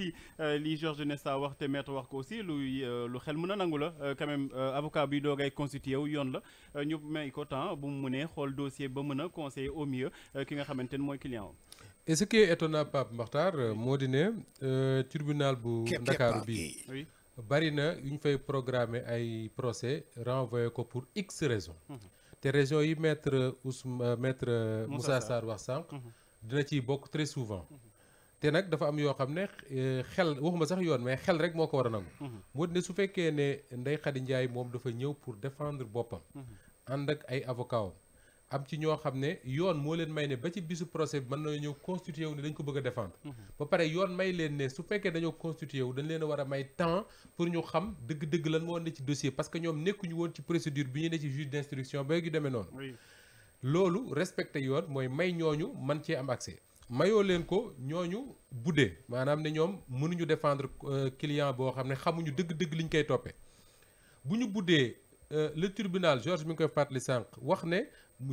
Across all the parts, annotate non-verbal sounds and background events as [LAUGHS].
si euh, li Georges Nesta wax te maître wax ko aussi luy euh, lu xel mën a nangu la euh, quand avocat bi doo constitué wu yoon la ñu may ko temps bu mu mënee xool dossier ba mën a conseiller au mieux ki nga xamante ne mooy client am. et ce qui est étonnant Pape Makhtar moo di ne tribunal bu Ndakaaru bi bari na yu ñu fay programme ay procès renvoyé ko pour x raison te raison yi maître Ous maître Moussa wax sànq dina ciy bokk très souvent te nag dafa am yoo xam ne eh, xel waxuma sax yoon mais xel rek moo ko war a nangu. moo mhm. ne su fekkee ne Ndeye Khady njaay moom dafa ñëw pour defendre boppam. Mhm. ànd ak ay avocats am ci ñoo xam ne yoon moo leen may ne ba ci bisu procès bi mën na ñëw constitué wu ne dañ ko bëgg a défendre. Mhm. ba pare yoon may leen ne su fekkee dañoo constitué wu dañ leen war a may temps pour ñu xam dëgg-dëgg lan moo ne ci dossier parce que ñoom nekkuñu woon ci procédure bi ñu ne ci juge d'instruction ba yu demee noonu. loolu respecté yoon mooy may ñooñu man cee am accès. mayoo leen ko ñoo ñooñu buddee maanaam ne ñoom mënuñu defendre euh, client boo xam ne xamuñu dëgg-dëgg liñ koy toppee bu ñu buddee euh, le tribunal Georges mi ngi koy fàttali sànq wax ne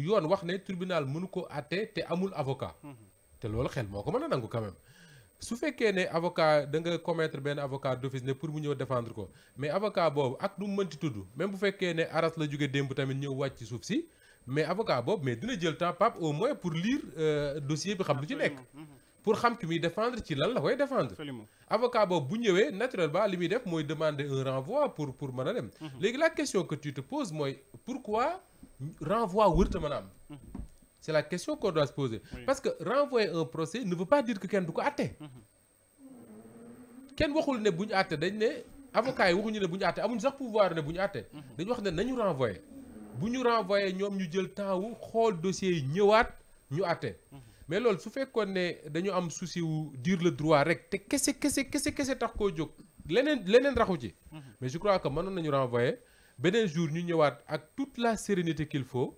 yoon wax ne tribunal mënu ko àtte te amul avocat. Mm-hmm. te loolu xel moo ko mën a nangu quand su fekkee ne avocat da nga commettre benn avocat d'office ne pour mu ñëw defendre ko mais avocat boobu ak nu mu mënti tudd même bu fekkee ne aras la jóge démb tamit ñëw wàcc suuf si. mais avocat boobu mais dina jël temps Pape au moins pour lire euh, dossier bi xam lu ci nekk. Mhm. pour xam ki muy défendre ci lan la koy défendre. avocat boobu bu ñëwee naturellement li muy def mooy demander un renvoi pour pour mën a dem. Mhm. léegi la question que tu te poses mooy pourquoi renvoi wërta mën a am. Mhm. c' la question qu' on doit parce que renvoyer un procès ne veut pas dire que kenn du ko àtte. kenn waxul ne bu ñu àtte dañ ne avocat yi waxuñu ne bu ñu àtte amuñu sax pouvoir ne bu ñu àtte. dañu wax ne nañu renvoyer. bu ñu renvoyé ñoom ñu jël temps wu xool dossier yi ñëwaat ñu àtte mais loolu su fekkoon ne dañu am souci wu dire le droit rek te kese kese kese kese tax koo jóg leneen leneen raxu ci mhm. mais je crois que mënoon nañu renvoyer beneen jour ñu ñëwaat ak toute la sérénité qu'il faut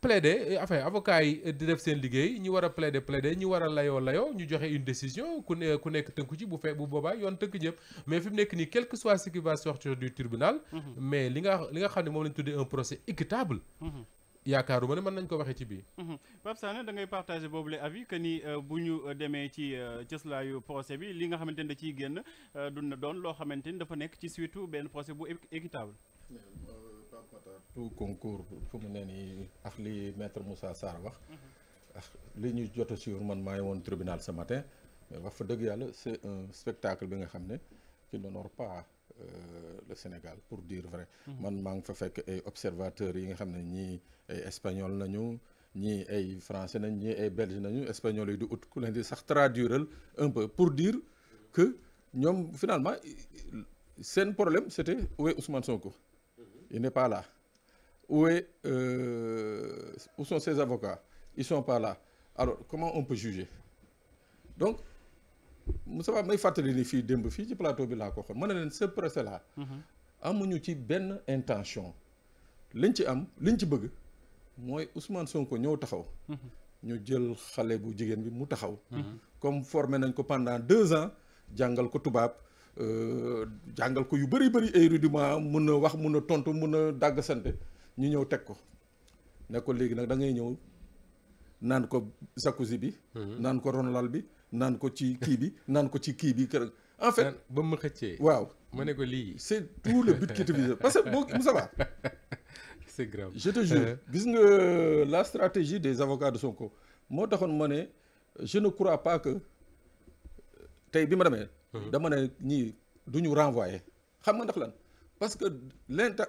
plaider euh, enfin avocat yi euh, def seen liggéey ñi war a plaider plaider ñi war a layoo layoo ñu joxe une décision ku nekk tënku ci bu fee bu boobaa yoon tënk ñëpp mais fi nekk nii quel soit ce qui va sortir du tribunal mhm. mais li nga xam ne moom lañ tuddee un procès équitable mhm. yaakaaruma ne mën nañ ko waxee ci biir. Mhm. Pape Sané da boobu la avis que ni euh, bu ñu demee ci cëslaayu procès bi li nga xamante ni dafa nekk ci surtout benn procès bu équitable tout concours fu mu ne nii ak li maître Moussa Sarr wax. Mhm. ak li ñu jot a man maa ngi woon tribunal ce matin mais wax fa dëgg yàlla c' un spectacle bi nga xam ne qui n'honore pas euh, le Sénégal pour dire vrai. Mhm. man maa ngi fa fekk ay observateurs yi nga xam ne ñii ay espagnol nañu. ñii ay français nañ ñii ay belge nañu espagnol yi du ut ku leen di sax traduiral un peu pour dire que ñoom finalement seen problème c' était où est mhm. il n' pas là Où, est, euh, où sont ses comment on peut juger Donc, Moussa may fàttali ni fii démb fii ci plateau bi laa ko xool mën na leen ce procès là. Mhm. amuñu ci benn intention. liñ ci am liñ ci bëgg mooy Ousmane ñëw taxaw. Mhm. ñu jël xale bu jigéen bi mu taxaw. Mhm. comme formé nañ ko pendant deux ans jàngal ko tubaab. Euh, jàngal ko yu bëri bëri ay mun a wax mun a tontu mun a dàgg ñu ñëw teg ko ne ko léegi nag da ngay ñëw naan ko jacuzzi bi. Mhm. naan ko ronlal bi naan ko ci kii bi [LAUGHS] naan ko ci kii bi kër. en fait ba ma xëccee. waaw ma ne ko lii. est tout le but qui te vise parce que boo Moussa Ba. [LAUGHS] est grave je te jure. Euh. gis nga euh, la stratégie des avocats de ko moo taxoon ma ne je ne crois pas que tey bi ma demee. Mhm. dama ne ñii du ñu renvoyé xam nga ndax lan. parce que l'inter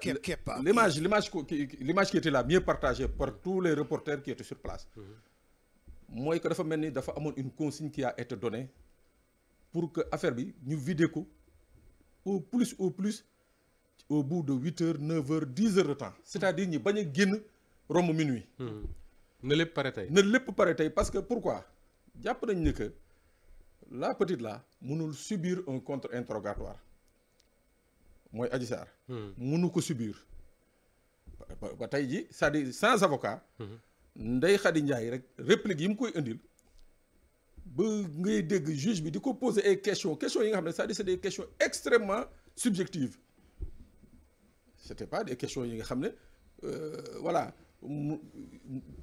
l'image l'image l'image qui était la mieux partagée par tous les reporters qui étaient sur place mooy que dafa mel ni dafa amoon une consigne qui a été donnée pour que affaire bi ñu vidé ko au plus au plus au bout de huit heures neuf heures dix heures de temps c'est-à-dire ñi bañ a génn romb minuit hmm. na lépp pare tey na lépp pare tey parce que pourquoi jàpp nañ ni que la petite là mënul subir un contre-interrogatoire mooy Adji Sarr. Hmm. munu ko subir. ba tey ji c'est-à-dire sans avocat. Hmm. Ndeye Khady Ndiaye rek réplique yi mu koy indil. ba ngay dégg juge bi di ko poser ay question questions yi nga xam ne c'est-à-dire c'est des questions extrêmement subjectives. c'était pas de questions yi nga xam ne euh, voilà mu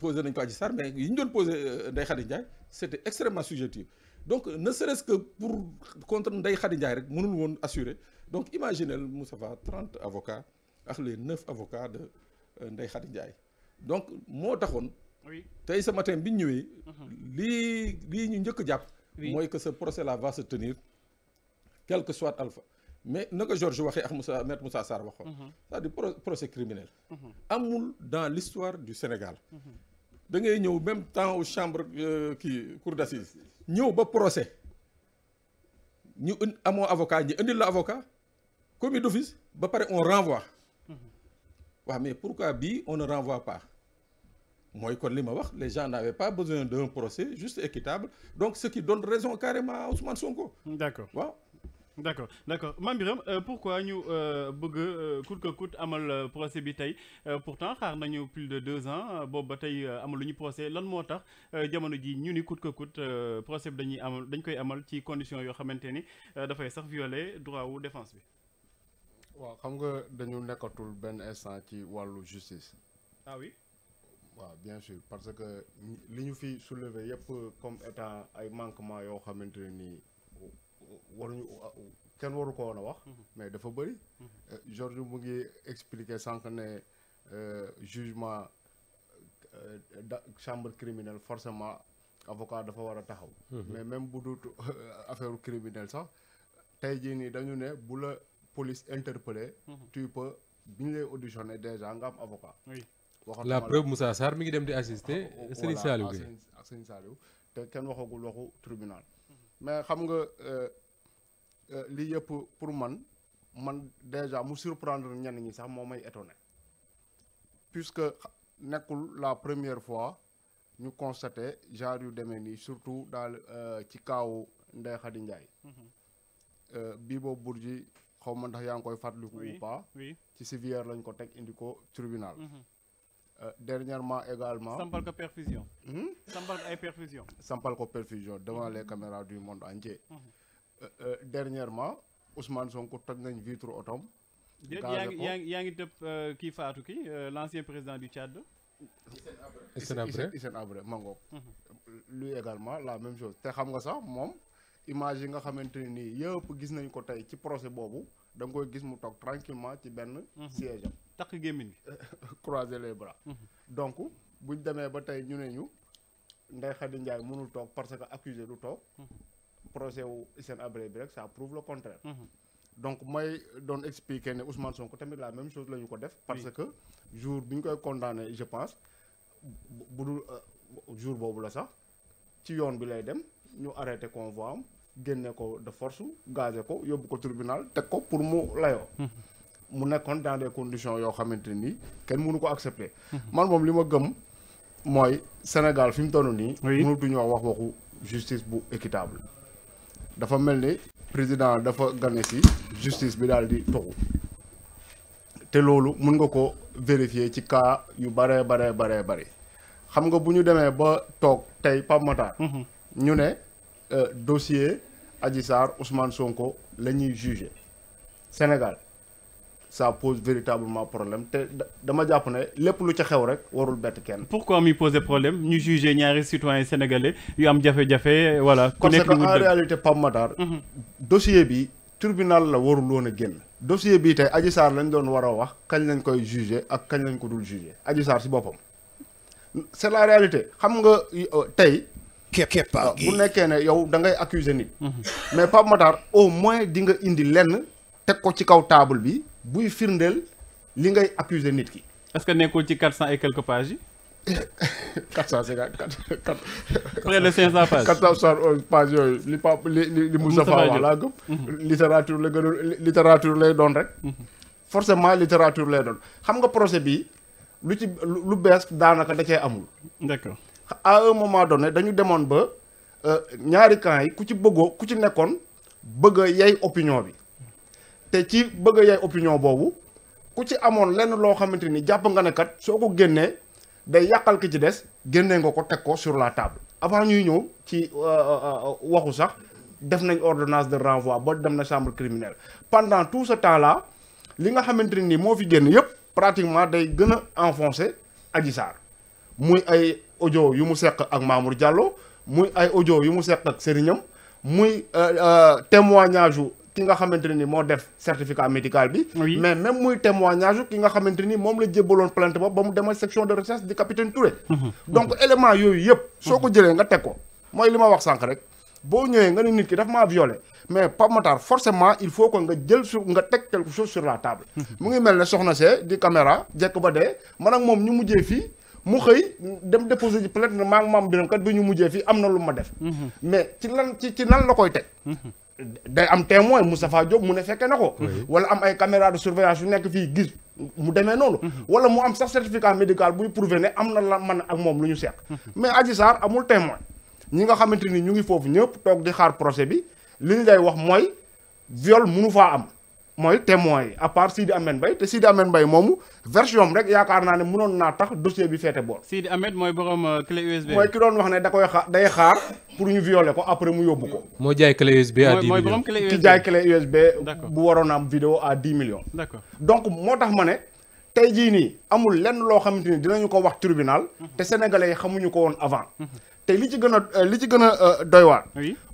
nañ ko Adji Sarr mais yi ñu doon posé euh, Ndeye Khady Ndiaye c'était extrêmement subjectif. donc ne serait que pour contre Ndeye Khady Ndiaye rek mënul woon assurer donc imaginez Moustapha 30 avocats ak les 9 avocats de euh, Ndeye Khady Ndiaye donc moo taxoon. oui tey ce matin bi ñu ñëwee. Mhm. lii lii ñu njëkk jàpp. mooy que ce procès là va se tenir quel que soit alpha. mais naka Georges waxee ak Moussa maître Moussa Sarr waxoon. Mhm. c'est-à-dire procès criminel. Mhm. amul dans l'histoire du Sénégal. da ngay ñëw même temps au chambre euh, kii cour d'assises ñëw ba procès ñu amoo avocat ñu indil la avocat commis d'office ba pare on renvoie mm-hmm. waaw mais pourquoi bii on ne renvoie pas mooy kon li ma wax les gens n'avaient pas besoin d'un procès juste équitable donc ce qui donne raison carrément à Ousmane Sonko waaw d' accord d' accord Mame Birame euh, pourquoi ñu euh, bëgg euh, coûte que coûte amal procès bi tey pourtant xaar nañu plus de deux ans boobu ba tey amal lu ñu procès lan moo tax jamono ji ñu ni coûte que coûte procès bi dañuy amal dañ koy amal ci condition yoo xamante ni dafay sax violer droit wu défense bi. waaw xam nga dañu nekkatul benn instant ci wàllu justice. ah oui. waaw bien sûr parce que li ñu fi soulever yëpp comme étant ay manquements yoo xamante ne nii. waruñu kenn waru ko wan a wax. Mhm. mais dafa bëri. Georges mhm. euh, mu ngi expliquer sànq ne euh, jugement euh, da chambre criminelle forcément avocat dafa war a taxaw. Mhm. mais même bu dut affaire criminelle sax tey jii nii dañu ne bu la police interpellé. tu peux bi ñu lay auditionné déjà nga am avocat. la preuve Moussa Sarr mi ngi dem di assister ah, oh, Serigne Saliou Gueye ak Serigne Saliou te kenn waxagul waxu tribunal. mais xam nga euh, euh, lii yëpp pour man man déjà mu surprendre ñenn ñi sax moo may étonné puisque nekkul la première fois ñu constaté genre yu demee nii surtout daal euh, ci kaawu Ndeye Khady Ndiaye mhm. bii boobu Bourgi xaw ma ndax yaa ngi koy fàttaliku ou pas ci civière lañ ko teg indi ko tribunal mhm. Euh, dernièrement également. sampal ko perfusion. Hmm? sampal ko ay perfusion. sampal ko perfusion devant les caméras du monde entier. Mhm. Euh, euh, dernièrement Ousmane Sonko toj nañ vitre otom. yaa ngi yaa ngi yaa tëb kii faatu ki l'ancien président du Tchad. Hissène Habré Hissène Habré Mangok. Mhm. également la même chose te xam nga sax moom image yi nga xamante ne nii yëpp gis nañ ko tey ci procès boobu da koy gis mu toog tranquillement ci benn mhm. siège taq takk croiser les bras. Mhm. donc bu demee ba tey ñu ne ñu Ndeye Khady Ndiaye mënul toog parce que accusé du toog. Mhm. procès wu Hissène abre bi rek ça prouve le contraire. Mhm. donc may doon expliquer ne Ousmane Sonko tamit la même chose lañu ko def. parce que jour bi ñu koy condamné je pense bu dul euh, jour boobu la sax ci yoon bi lay dem ñu arrêté convoi am génne ko de force gazé ko yóbbu ko tribunal teg ko pour mu layoo. mu nekkoon dans des conditions yoo xamante nii kenn mënu ko accepter. man moom li ma gëm mooy Sénégal fi mu toll nii. mënatuñu wax wax waxu justice bu équitable. dafa mel ni président dafa gane si justice bi daal di toxu te loolu mun nga ko vérifier ci cas yu baree baree baree bëri xam nga bu ñu demee ba toog tey Pape Matar mhm. ñu ne euh, dossier Adji Sarr Sonko la ñuy jugé Sénégal ça pose véritablement problème te dama jàpp ne lépp lu ca xew rek warul bett kenn. pour pourquoi muy poser problème ñu jugé ñaari citoyen sénégalais yu am jafe-jafe voilà. ku nekk parce que en réalité Pape Matar. Mhm. dossier bi tribunal la warul woon a génn. dossier bii tey Adji Sarr lañ doon war wax kañ lañ koy jugé ak kañ lañ ko dul jugé Adji Sarr si boppam c'est la réalité xam nga euh, tey. keppaa gi bu nekkee ne yow da ngay accuser nit. Mhm. mais Pape Matar au moins di nga indi lenn teg ko ci kaw table bi. buy firndeel li ngay accuser nit ki. est-ce que nekkul ci quatre cent et quelques pages yi. [LAUGHS] quatre cent cinquante quatre. près de cinq cent pages. quatre cent pages yooyu li Pape li li li Moustapha wax laa gëm. Mhm. littérature la gën a littérature lay doon rek. Mhm. forcément littérature lay doon xam nga projet bi lu ci lu bees daanaka da cee amul. d'accord à un moment donné dañu demoon ba euh, ñaari camps yi ku ci bëggoo ku ci nekkoon bëgg a yey opinion bi. te ci bëgg a yaay opinion boobu ku ci amoon lenn loo xamante ni jàpp nga ne kat soo ko génnee day yàqal ki ci des génnee nga ko teg ko sur la table avant ñuy ñëw ci euh, euh, euh, waxu sax def nañ ordonnance de renvoi ba dem na chambre criminelle pendant tout ce temps là li nga xamante nii moo fi génn yëpp pratiquement day gën a enfoncé Adji Sarr muy ay audio yu mu seq ak Mamour Diallo muy ay audio yu mu seq ak sëriñam muy témoignage ki nga xamante ne ni moo def certificat médical bi. mais même muy témoignage ki nga xamante ni moom la jébbaloon plainte ba ba mu demal section de recherche di capitaine Touré. Mhm. donc mhm. élément yooyu yëpp. soo ko mhm. jëlee nga teg ko mooy li ma wax sànq rek. boo ñëwee nga ne nit ki daf maa violé mais Pape Matar forcément il faut que nga jël sur nga teg quelque chose sur la table. mu ngi mel ne soxna see di caméra jekk ba dee man ak moom ñu mujjee fii mu xëy dem déposé ji plainte ne maa ngi maam biram kat bi mujjee fii am na lu ma def. mais ci lan ci ci la koy teg. day am témoin Moustapha Diop mu ne fekke na ko wala am ay caméra de surveillance yu nekk fii gis mu demee noonu mhm. wala mu am sax certificat médical buy prouver ne am na la man ak moom lu ñu seq mhm. mais Adji Sarr amul témoin ñi nga xamante ni ñu ngi foofu ñëpp toog di xaar procès bi li ñu lay wax mooy viol mënu faa am mooy témoin yi à part Sidi Ahmed Mbaye te Sidi Ahmed Mbaye moomu version rek yaakaar naa ne mënoon naa tax dossier bi féete boor. Sidi Ahmed mooy borom euh, clé USB. mooy ki doon wax ne da koy day xaar pour ñu violer ko après mu yóbbu ko. moo jaay clé USB à 10 millions ki jaay clé USB. bu waroon am vidéo à 10 millions. d'accord donc moo tax ma ne. tey jii nii amul lenn loo xamante ni dinañu ko wax tribunal. Mhm. te sénégalais yi xamuñu ko woon avant. Mhm. te li ci gën a euh, li ci gën a euh, doy waar.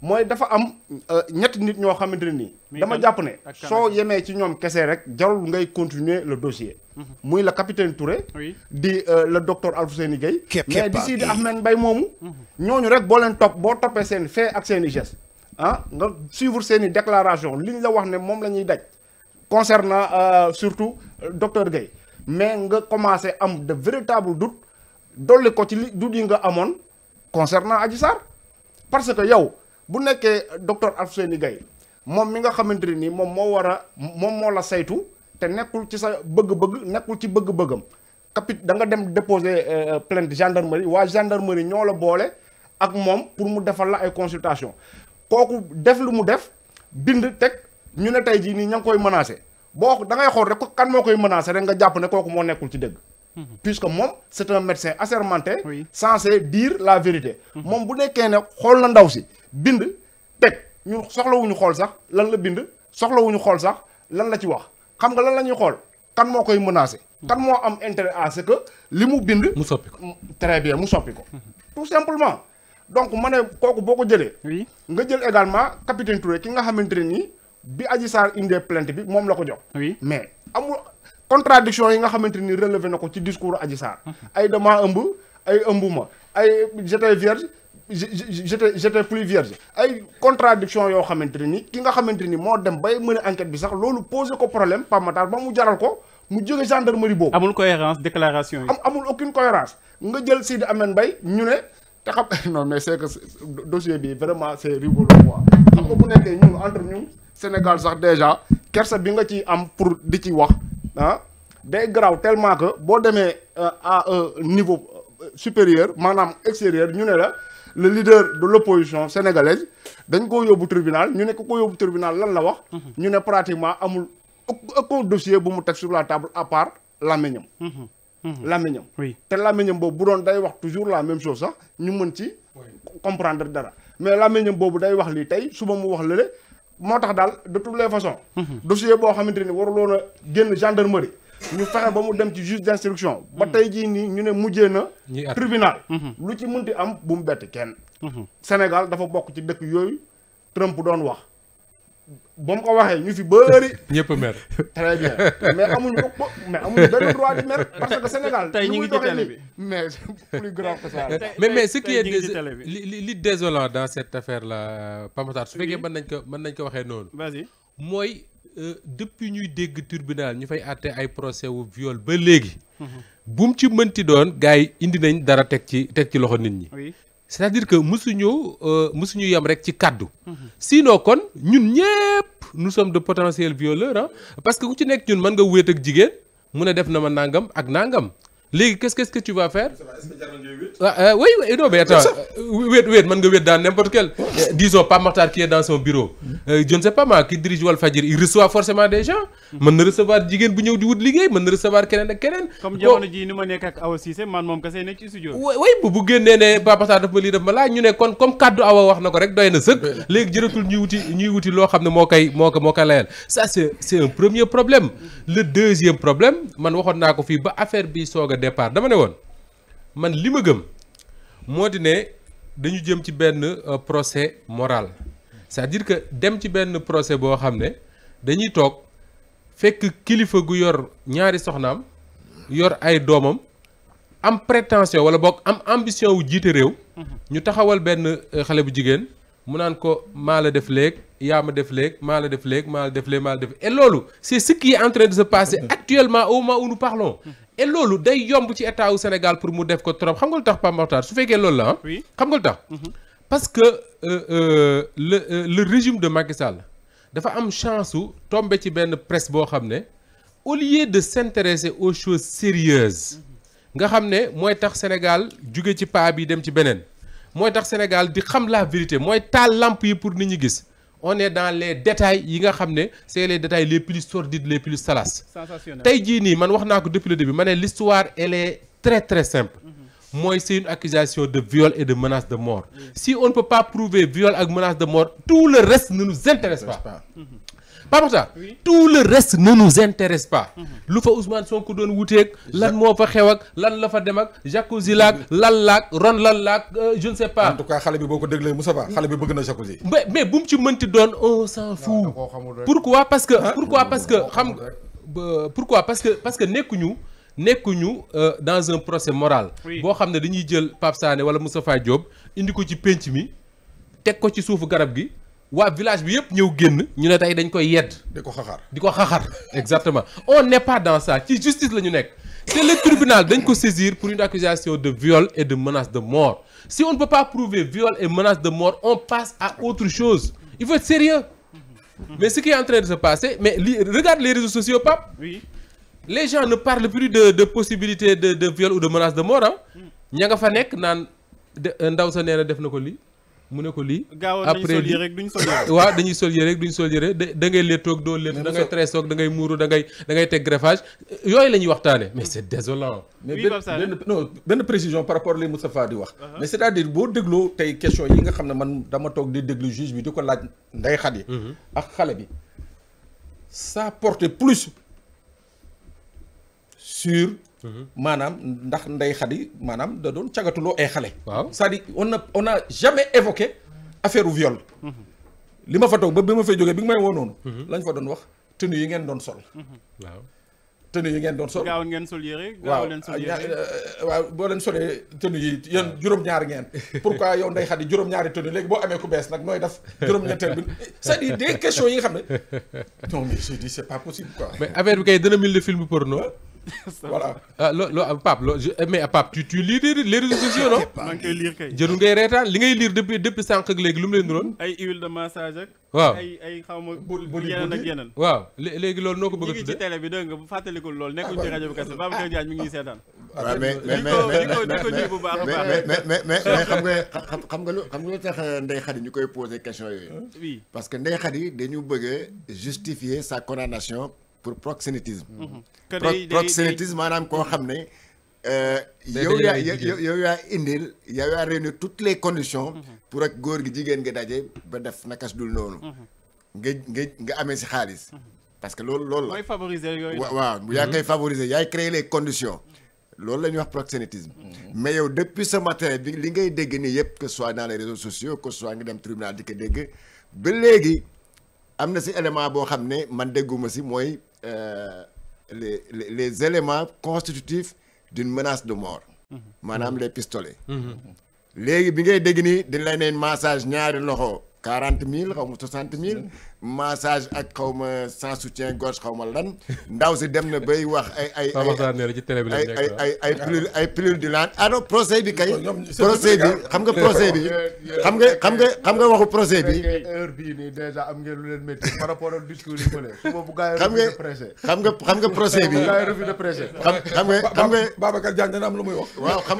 mooy dafa am euh, ñetti nit ñoo xamante ne nii. dama jàpp ne soo yemee ci ñoom kese rek jarul ngay continuer le dossier. Mhm. muy la capitaine Touré. di le docteur Alfousseni Gueye. mais ah, di Sidi Ahmed mbay moomu. Mhm. ñooñu rek boo leen topp boo toppee seen fait ak seen i geste ah nga suivre seen i déclaration li ñu la wax ne moom la ñuy daj. concernant surtout docteur Gueye mais nga commencé am de véritable doute dolli ko ci li doute yi nga amoon. concernant Adji Sarr parce que yow bu nekkee docteur Alfousseyni Gaye moom mi nga xamante ne nii moom moo war a moom moo la saytu te nekkul ci sa bëgg-bëgg nekkul ci bëgg-bëggam capit da nga dem déposer euh, euh, plainte gendarmerie waa gendarmerie ñoo la boole ak moom pour mu defal la ay consultation kooku def lu mu def bind teg ñu ne tey jii nii ña ngi koy menacé boo da ngay xool rek kan moo koy menacé rek nga jàpp ne kooku moo nekkul ci dëgg puisque moom c'est un médecin assermenté. Oui. censé dire la vérité. moom bu nekkee ne xool na ndaw si bind teg ñu soxlawuñu xool sax lan la bind soxlawuñu xool sax lan la ci wax xam nga lan la ñuy xool kan moo koy menacé. kan moo am intérêt à ce que li mu bind. mu soppi ko très bien mu soppi ko. tout simplement donc ma ne kooku boo ko jëlee. oui nga jël également capitaine Touré ki nga xamante ne nii bi Adji Sarr indee plainte bi moom la ko jox. mais amul. contradiction yi nga xamante ni relevé na ko ci discours Adji Sarr ay dama ëmb ay ëmbuma ay j'étais vierge j'étais j'étais plus vierge ay contradiction yoo xamante ni ki nga xamante ni moo dem bay mën a enquête bi sax loolu posé ko problème Pape Matar ba mu jaral ko mu jóge gendarmerie boobu amul cohérence déclaration yi amul aucune cohérence nga jël sii Sidi Ahmed Mbaye ñu ne te xam [LAUGHS] non mais c'est que dossier bi vraiment c'est rigolo quoi xam nga bu nekkee ñun Sénégal sax déjà kersa bi nga ciy am pour di ci wax ah day garaaw tellement que boo demee euh, à un niveau euh, supérieur maanaam extérieur ñu ne la le leader de l'opposition sénégalaise dañ koo yóbbu tribinal ñu nekk ko yóbbu tribunal lan la wax. Mhm. ñu ne pratiquement amul aucun dossier bu mu teg sur table à part làmmiñam. Mhm. Mhm. làmmiñam. oui te làmmiñam boobu bu doon day wax toujours la même chose sax ñu mën ci comprendre dara mais làmmiñam boobu day wax lii tey suba mu wax lële. moo tax daal de toutes les façons. Mhm. dossier boo xamante ni waruloon a génn gendarmerie. ñu fexe ba mu dem ci juge d'instruction. ba mhm. tey jii nii ñu ne mujjee na. tribunal. Mhm. lu ci mënti am bu mu bett kenn. Sénégal dafa bokk ci dëkk yooyu Trump doon wax. boo mu ko waxee ñu fi bëri. ñëpp mer. très bien mais amuñu ko mais mais [LAUGHS] plus mais mais ce qui est li li désolant dans cette affaire là Pamotar su fekkee mën nañ ko mën nañ ko waxee noonu. vas-y mooy euh, depuis ñuy dégg tribunal ñu fay àtte ay procès wu viol ba léegi. Mhm. bu mu ci mënti doon gars yi indi nañ dara teg ci teg ci loxo nit ñi. c'est-à-dire que mësuñu euh, mësuñu yem rek ci kàddu sinon kon ñun ñëpp nu sommes de potentiels violeurs ah parce que ku ci nekk ñun mën nga wéet ak jigéen mu ne def na ma nangam ak nangam léegi qu'est-ce qu'est-ce que mën nga wéet dans n'importe quel. Euh, disons Pape Makhtar qui est dans son bureau. Hmm. Euh, je ne sais pas hmm. na recevoir jigéen bu ñëw di wut mën na recevoir keneen ak keneen. comme jamono nekk ak Awa Cissé man ne Pape Makhtar daf ma lii daf ma laaj ñu ne kon comme kaddu Awa wax na ko ñuy wuti ñuy loo xam ne moo koy moo ko moo koy un premier problème le deuxième problème man waxoon naa ko fii ba affaire bi soog nga départ dama ne woon man li ma gëm moo di ne dañu jëm ci benn euh, procès moral c'est-à-dire que dem ci benn procès boo xam ne dañuy toog fekk kilifa gu yor ñaari soxnaam yor ay doomam am prétention wala boog am ambition wu jiite réew mm-hmm. ñu taxawal benn euh, xale bu jigéen mu naan ko maa la def léeg yaa ma def léeg maa la def léeg maa la def léeg maa la def loolu c'est ce qui est de se passer mm-hmm. actuellement au moment où nous et loolu day yomb ci état wu Sénégal pour mu def ko trop xam nga lu tax Pape Makhtar su fekkee loolu la ah. xam nga tax. Mhm. parce que euh, euh le euh, le régime de Macky dafa am chance su tombé ci benn presse boo xam ne au lieu de s'intéresser au choses sérieuses mhm. nga xam ne mooy tax Sénégal jóge ci paa bii dem ci beneen mooy tax Sénégal di xam la vérité mooy taal lamp yi pour nit ñi gis. on est dans les détails yi nga xam ne c'est les détails les plus sordides les plus salaces. sensationnel tey jii nii man wax naa ko depuis le début ma ne l'histoire elle est très très simple. Mhm. mooy c'est une accusation de viol et de menace de mort. si on ne peut pas prouver viol ak menace de mort tout le reste ne nous intéresse pas. Mhm. Pape Makhtar tout le reste ne nous intéresse pas. Mm-hmm. lu fa soo ko doon wuteeg. lan moo fa xew ak lan la fa dem ak jacuzzi laag mm-hmm. lal lan laa lal laag euh, je ne sais pas. en tout cas xale bi boo ko déglee Moussa Ba xale bi bëgg na jacuzzi. mais mais bu mu ci mënti doon on s'en fout. pourquoi parce que. pourquoi parce que xam nga euh, pourquoi parce que parce que nekkuñu. nekkuñu euh, dans un procès moral. boo xam ne dañuy jël Pape Sané wala Moustapha Diop indi ko ci pénc mi teg ko ci suufu garab gi. waa village bi yëpp ñëw génn ñu ne tey dañ koy yedd di ko xaxar di ko xaxar exactement on n'est pas dans ça ci justice la ñu nekk te le tribunal dañ ko saisir pour une accusation de viol et de menace de mort si on ne peut pas prouver viol et menace de mort on passe à autre chose il faut être sérieux mais ce qui est de se passer mais li regarde les réseaux sociaux Pape les gens par le plus de de possibilité de de viol ou de menace de mort ah ña nga fa nekk naan euh, ndaw sa def na ko lii mu ne ko lii. après lii rek duñ sol [COUGHS] waaw dañuy sol yére rek duñ sol yére da ngay léttoog doo létt da ngay tresse da ngay muuru da ngay da ngay teg yooyu la ñuy waxtaane mais c' est mais benn non benn précision par rapport li Moustapha di wax. Uh-huh. mais c' à dire boo dégloo tey question yi nga xam ne man dama toog di déglu juge bi di ko laaj ndey xat yi. ak xale bi ça porte plus sur. Mhm. maanaam ndax Ndeye Khady maanaam da doon cagatuloo ay xale. waaw c'est-à-dire on a on a jamais évoqué affaire u viol. Mhm. li ma fa toog ba bi ma fay jógee bi nga may woo noonu. Mhm. lañ fa doon wax tenue yi ngeen doon sol. waaw yi ngeen doon sol. ngeen sol yére gaaw leen sol yére euh, waaw boo leen solee tenue yi yéen juróom-ñaari ngeen. [LAUGHS] pourquoi yow Ndeye Khady juróom-ñaari tenue léegi boo amee ku bees nag nooy def [LAUGHS] juróom-ñetteel bi c'est-à-dire des questions yi nga xam ne non mais je c'est pas possible quoi. voilà ah loo loo Pape loo eh, mais ah, Pape tu tu lis les réseaux sociaux non. [LAUGHS] maa ngi koy lire kay. jërul li ngay lire depuis depuis sànq ak léegi lu mu leen doon. ay huile de massage waaw ay ay xaw ma. yeneen ak yeneen. waaw léegi loolu noo ko bëgg a bi dégg nga bu fàttalikul lool ah, nekkul ci rajo bi kese Babacar Diagne mi ngi ñuy seetaan. waaw mais mais mais mais mais xam nga xam nga lu xam nga lu tax euh, Ndeye Khady ñu koy posé question yooyu. oui parce que Ndeye Khady dañu bëgg a justifier sa condamnation pour proxénétisme. Mhm. proxénétisme maanaam koo xam ne. Euh, yow yaa yow yaa indil yow yaa réunir toutes les conditions. Mhm. pour ak góor gi jigéen nga daje ba def nakas dul noonu. Mhm. nga nga nga amee si xaalis. parce que loolu loolu la. mooy favoriser yooyu waaw yaa koy favoriser yaay créer les conditions. loolu la wax proxénétisme. mais yow depuis ce matin bi li ngay dégg nii yëpp que ce soit dans les réseaux sociaux que soit nga dem tribunal di ko dégg ba léegi. am na si élément boo xam ne man dégguma si mooy euh, les les éléments constitutifs d'une menace de mort mm-hmm. maanaam mm-hmm. les pistolets mm-hmm. léegi bi ngay dégg nii dañ la neen massage ñaari loxo quarante mille xaw ma soixante mille massage ak xaw ma sans soutien gorge xaw ma lan ndaw si dem na bay wax ay ay ay ay ay ay pilule ay pilule du lan ah non procès bi kay procès bi xam nga procès bi xam nga xam nga xam nga waxu procès bi heure bii nii déjà am ngeen lu leen par rapport ak discours yi fële suba bu gars yi xam nga xam nga xam nga procès bi gars yi revue de xam nga am nga xam bi rek xam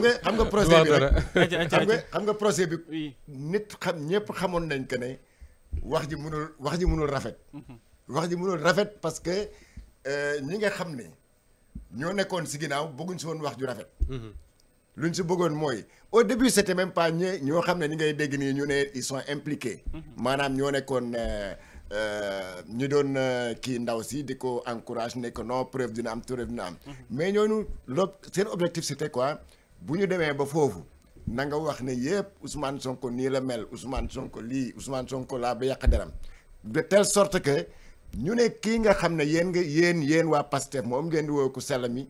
nga xam nga procès bi nit xam ñëpp xamoon nañ que ne wax ji mënul wax ji mënul rafet. wax ji mënul rafet parce que euh, ñi nga xam ne ñoo nekkoon si ginnaaw bëgguñ si woon wax ju rafet. lu luñ si bëggoon mooy au début c'était même pas ñoo xam ne ñi ngay dégg nii ñu ne ils sont impliqués. maanaam ñoo nekkoon euh, euh, ñu doon kii ndaw si di ko encourage nekk ko non preuve dina am preuve dina am. Mhm. mais ñooñu lo seen objectif te quoi bu ñu demee ba foofu. na wax ne yëpp Ousmane Sonko nii la mel Ousmane Sonko lii Ousmane Sonko laa ba yàq deram de tel sorte que ñu ne kii nga xam ne yéen nga yéen yéen waa Pastef moom ngeen di woo ku sell mi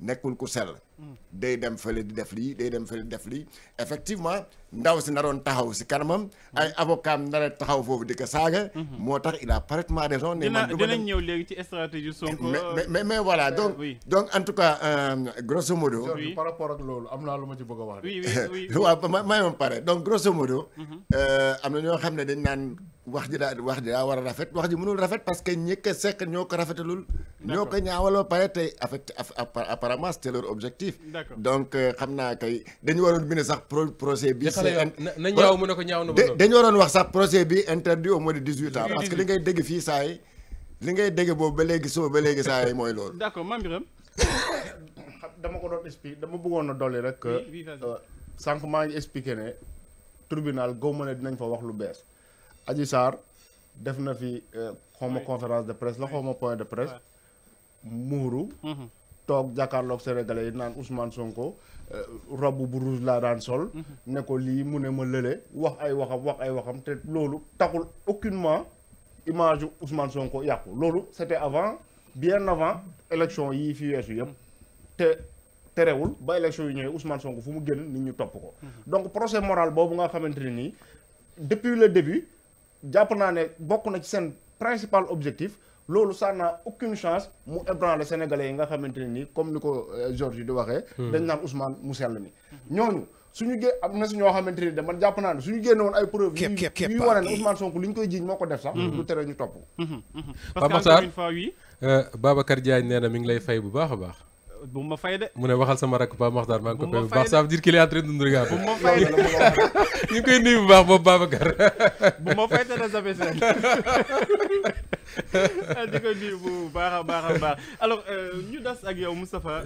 nekkul ku sell day dem fële di def lii day dem fële di def lii effectivement ndaw si naroon taxaw si kanamam. ay avocat nara taxaw foofu di ko saaga. Mhm. moo tax il a parfaitement raison. ne man dinañ ñëw léegi ci stratégie Sonko. mais mais mais voilà donc donc en euh, ma ci bëgg a wax. oui oui [LAUGHS] waaw ma ma pare donc grosso modo. Mhm. Euh, am na ñoo xam ne dañ naan wax ji daa wax ji daa war a rafet wax ji mënul rafet parce que ñi ko sekk ñoo ko rafetalul. ñoo ko ñaawaloo pare tey affect apparemment c'était leur administratif. donc euh, xam naa kay dañu waroon bind sax pro procès bi. c' na ñaaw mu ne ko ñaaw na ba dañu waroon wax sax procès bi interdit au moins de dix huit ans. parce que li ngay dégg fii saa li ngay dégg boobu ba léegi suba ba léegi saa mooy loolu. [LAUGHS] d' accord Mame Birame dama ko doon expliqué dama bëggoon a dolli rek. Euh, sànq maa ngi expliqué ne tribunal gawma ne dinañ fa wax lu bees Adji Sarr def na fi euh, xawma conférence de presse la xawma point de presse muuru mm-hmm. toog jàkkaarloog sénégalais yi naan Ousmane Sonko euh, robe bu rouge laa daan sol. Mhm. ne ko lii mu ne ma lële wax ay waxam wax ay waxam te loolu taxul aucunement image Ousmane Sonko yàqu loolu c'était avant bien avant élection yi fi weesu yëpp te terewul ba élection yi ñëwee Ousmane Sonko fu mu génn nit ñu topp ko. Mhm. donc procès moral boobu nga xamante ne nii depuis le début jàpp naa ne bokk na ci seen principal objectif. loolu ça n'a aucune chance mu ébranler sénégalais yi nga xamante ne nii comme ni ko yi euh, di waxee. Hmm. dañ naan Ousmane mu sell mi. ñooñu suñu gé am na si ñoo xamante ne man jàpp naa ne suñu génne woon ay preuve yu yu wane ne Ousmane Sonko li ñu koy jiiñ moo ko def sax. lu hmm. tere ñu topp. Hmm. parce que euh, nee mi ngi lay fay bu baax a baax. Euh, bu ma fay de. mu ne waxal sama rakk Pape Maxtar maa ngi ko fay bu baax ça dire qu'il est en train de nous regarder. [LAUGHS] ñu koy nuyu bu baax boobu Babacar. bu ma fay teel a zappé seen di ko nuyu bu baax a baax a baax alors euh, ñu das ak yow mustafa